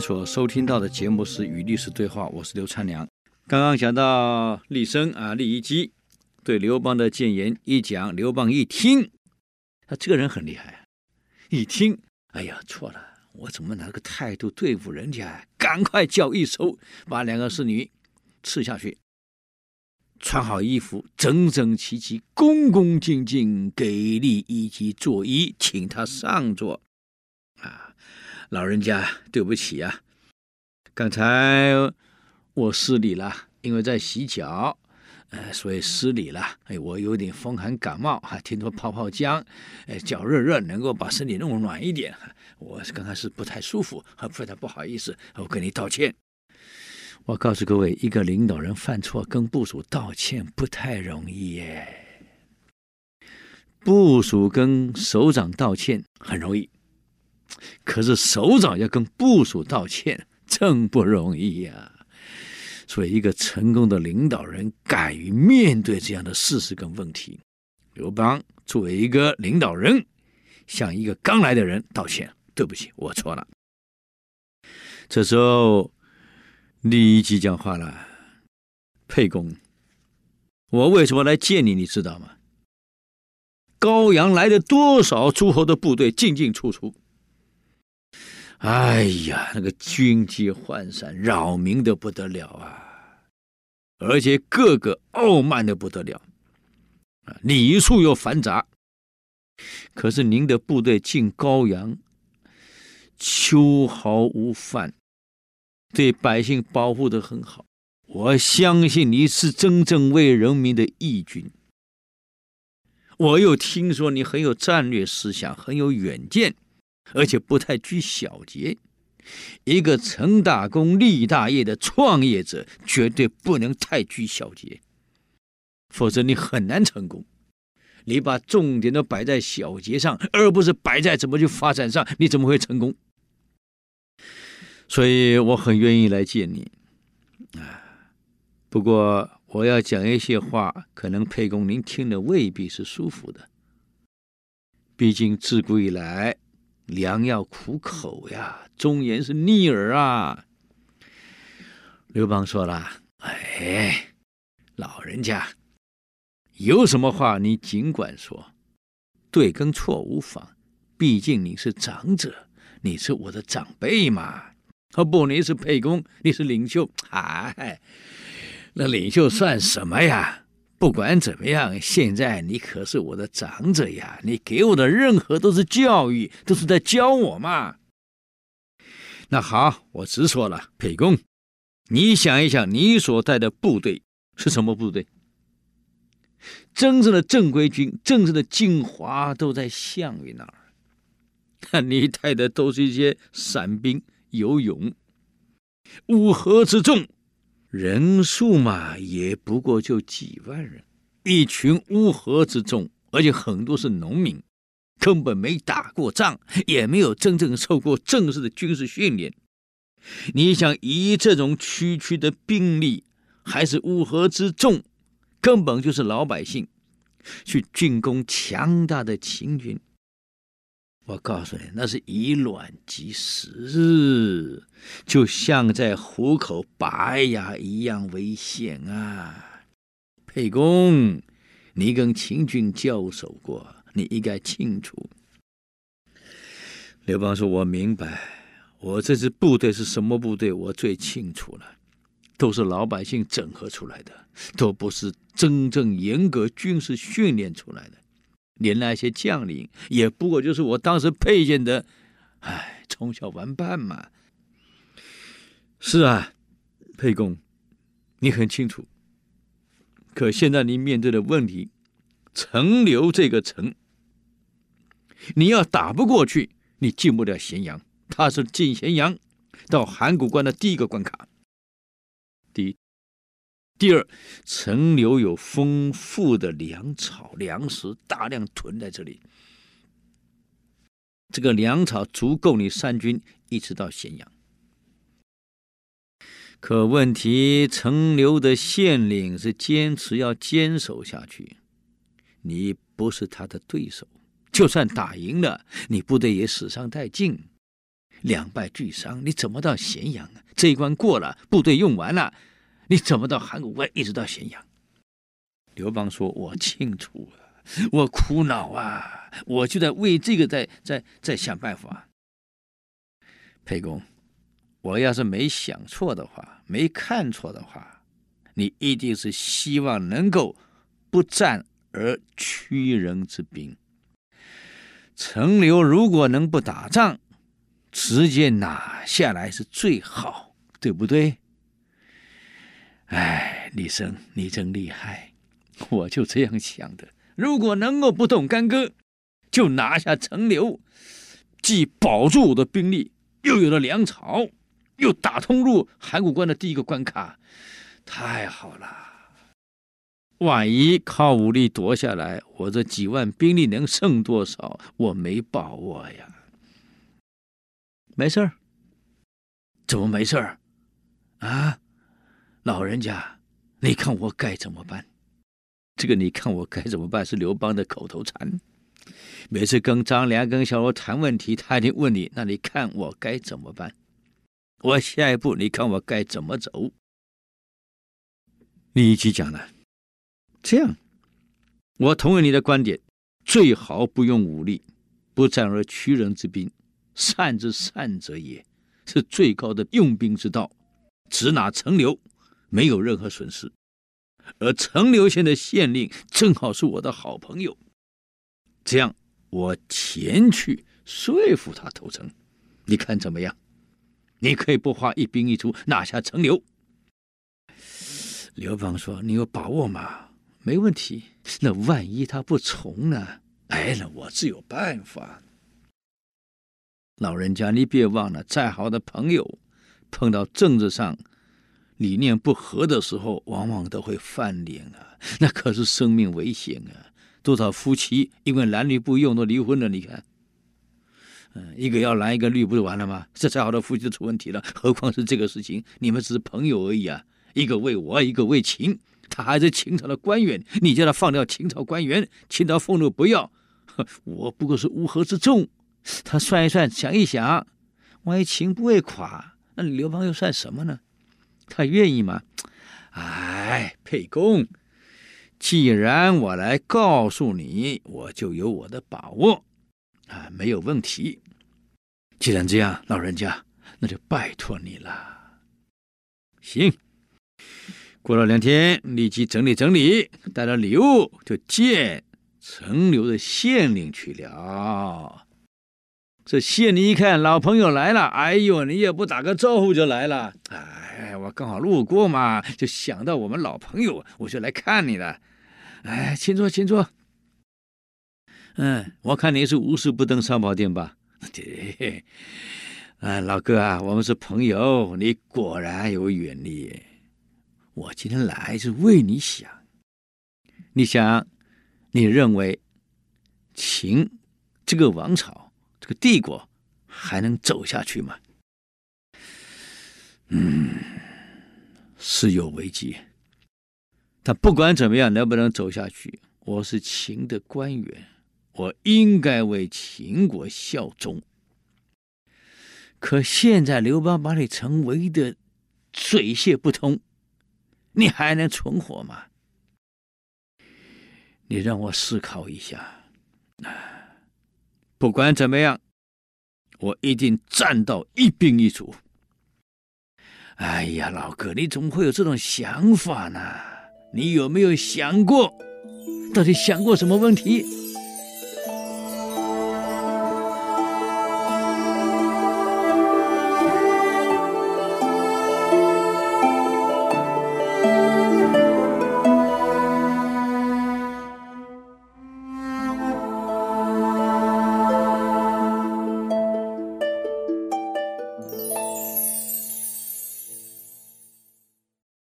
所收聽到的節目是《與歷史對話》，我是劉燦樑。剛剛講到酈生啊，酈宜其對劉邦的諫言一講，劉邦一聽，他這個人很厲害，一聽，哎呀，錯了，我怎麼拿個態度對付人家？趕快叫一收，把兩個侍女吃下去，穿好衣服，整整齊齊，恭恭敬敬給酈宜其作揖，請他上座。老人家，對不起啊，剛才我失禮了，因為在洗腳，呃，所以失禮了。哎，我有點風寒感冒，還聽說泡泡薑，哎，腳熱熱，能夠把身體弄暖一點。我剛才是不太舒服，很不太不好意思，我跟你道歉。我告訴各位，一個領導人犯錯跟部屬道歉不太容易耶，部屬跟首長道歉很容易。可是首長要跟部屬道歉，真不容易呀、啊。所以，一個成功的領導人敢於面對這樣的事實跟問題。劉邦作為一個領導人，向一個剛來的人道歉：“對不起，我錯了。”這時候，立即講話了：“沛公，我為什麼來見你？你知道嗎？高陽來的多少諸侯的部隊進進出出。”哎呀，那個軍紀渙散，擾民的不得了啊！而且個個傲慢的不得了，啊，禮數又繁雜。可是您的部隊進高陽，秋毫無犯，對百姓保護的很好。我相信你是真正為人民的義軍。我又聽說你很有戰略思想，很有遠見，而且不太拘小節，一個成大功立大業的創業者絕對不能太拘小節，否則你很難成功。你把重點都擺在小節上，而不是擺在怎麼去發展上，你怎麼會成功？所以我很願意來見你，啊，不過我要講一些話，可能沛公您聽的未必是舒服的。畢竟自古以來。良藥苦口呀，忠言是逆耳啊。劉邦說了：“哎，老人家，有什麼話你儘管說，對跟錯無妨。畢竟你是長者，你是我的長輩嘛。哦不，你是沛公，你是領袖。哎，那領袖算什麼呀？”不管怎麼樣，現在你可是我的長者呀！你給我的任何都是教育，都是在教我嘛。那好，我直說了，沛公，你想一想，你所帶的部隊是什麼部隊？真正的正規軍、真正的精華都在項羽那兒，看你帶的都是一些散兵游勇、烏合之眾。人數嘛，也不過就幾萬人，一群烏合之眾，而且很多是農民，根本沒打過仗，也沒有真正受過正式的軍事訓練。你想以這種區區的兵力，還是烏合之眾，根本就是老百姓去進攻強大的秦軍。我告訴你，那是以卵擊石，就像在虎口拔牙一樣危險啊！沛公，你跟秦軍交手過，你應該清楚。劉邦說：“我明白，我這支部隊是什麼部隊，我最清楚了，都是老百姓整合出來的，都不是真正嚴格軍事訓練出來的。”連那些將領，也不過就是我當時沛縣的，哎，從小玩伴嘛。是啊，沛公，你很清楚。可現在你面對的問題，陳留這個城，你要打不過去，你進不了咸陽。他是進咸陽到函谷關的第一個關卡。第一，第二，陳留有豐富的糧草糧食，大量囤在這裡。這個糧草足夠你三軍一直到咸陽。可問題，陳留的縣令是堅持要堅守下去，你不是他的對手。就算打贏了，你部隊也死傷殆盡，兩敗俱傷，你怎麼到咸陽呢？啊？這一關過了，部隊用完了。你怎麼到函谷關，一直到咸陽？劉邦說：“我清楚了，我苦惱啊，我就在為這個在在在想辦法。”沛公，我要是沒想錯的話，沒看錯的話，你一定是希望能夠不戰而屈人之兵。陳留如果能不打仗，直接拿下來是最好，對不對？哎，酈生，你真厲害！我就這樣想的。如果能夠不動干戈，就拿下陳留，既保住我的兵力，又有了糧草，又打通入函谷關的第一個關卡，太好了！萬一靠武力奪下來，我這幾萬兵力能剩多少？我沒把握呀。沒事兒？怎麼沒事兒？啊？老人家，你看我該怎麼辦？這個你看我該怎麼辦是劉邦的口頭禪。每次跟張良跟蕭何談問題，他一定問你：“那你看我該怎麼辦？我下一步你看我該怎麼走？”你一起講了，這樣我同意你的觀點，最好不用武力，不戰而屈人之兵，善之善者也是最高的用兵之道，此乃陳留。沒有任何損失，而陳留縣的縣令正好是我的好朋友，這樣我前去說服他投誠，你看怎麼樣？你可以不花一兵一卒拿下陳留。劉邦說：“你有把握嗎？”“沒問題。”“那萬一他不從呢？”“來了、哎，那我自有辦法。”“老人家，你別忘了，再好的朋友，碰到政治上……”理念不合的時候，往往都會翻臉啊！那可是生命危險啊！多少夫妻因為男女不用都離婚了。你看，嗯、呃，一個要藍，一個綠，不就完了嗎？這才好多夫妻就出問題了。何況是這個事情，你們只是朋友而已啊！一個為我，一個為秦，他還是秦朝的官員，你叫他放掉秦朝官員，秦朝俸祿不要，我不過是烏合之衆。他算一算，想一想，萬一秦不會垮，那劉邦又算什麼呢？他願意嗎？哎，沛公，既然我來告訴你，我就有我的把握，啊，沒有問題。既然這樣，老人家，那就拜託你了。行，過了兩天，立即整理整理，帶了禮物，就見陳留的縣令去了。這縣令一看老朋友來了，哎呦，你也不打個招呼就來了，哎。哎，我剛好路過嘛，就想到我們老朋友，我就來看你了。哎，請坐，請坐。嗯，我看你是無事不登三寶殿吧？對。哎，老哥啊，我們是朋友，你果然有遠慮。我今天來是為你想，你想，你認為秦這個王朝，這個帝國還能走下去嗎？嗯，是有危機，但不管怎麼樣，能不能走下去？我是秦的官員，我應該為秦國效忠。可現在劉邦把你包圍得水泄不通，你還能存活嗎？你讓我思考一下。啊，不管怎麼樣，我一定戰到一兵一卒。哎呀，老哥，你怎麼會有這種想法呢？你有沒有想過，到底想過什麼問題？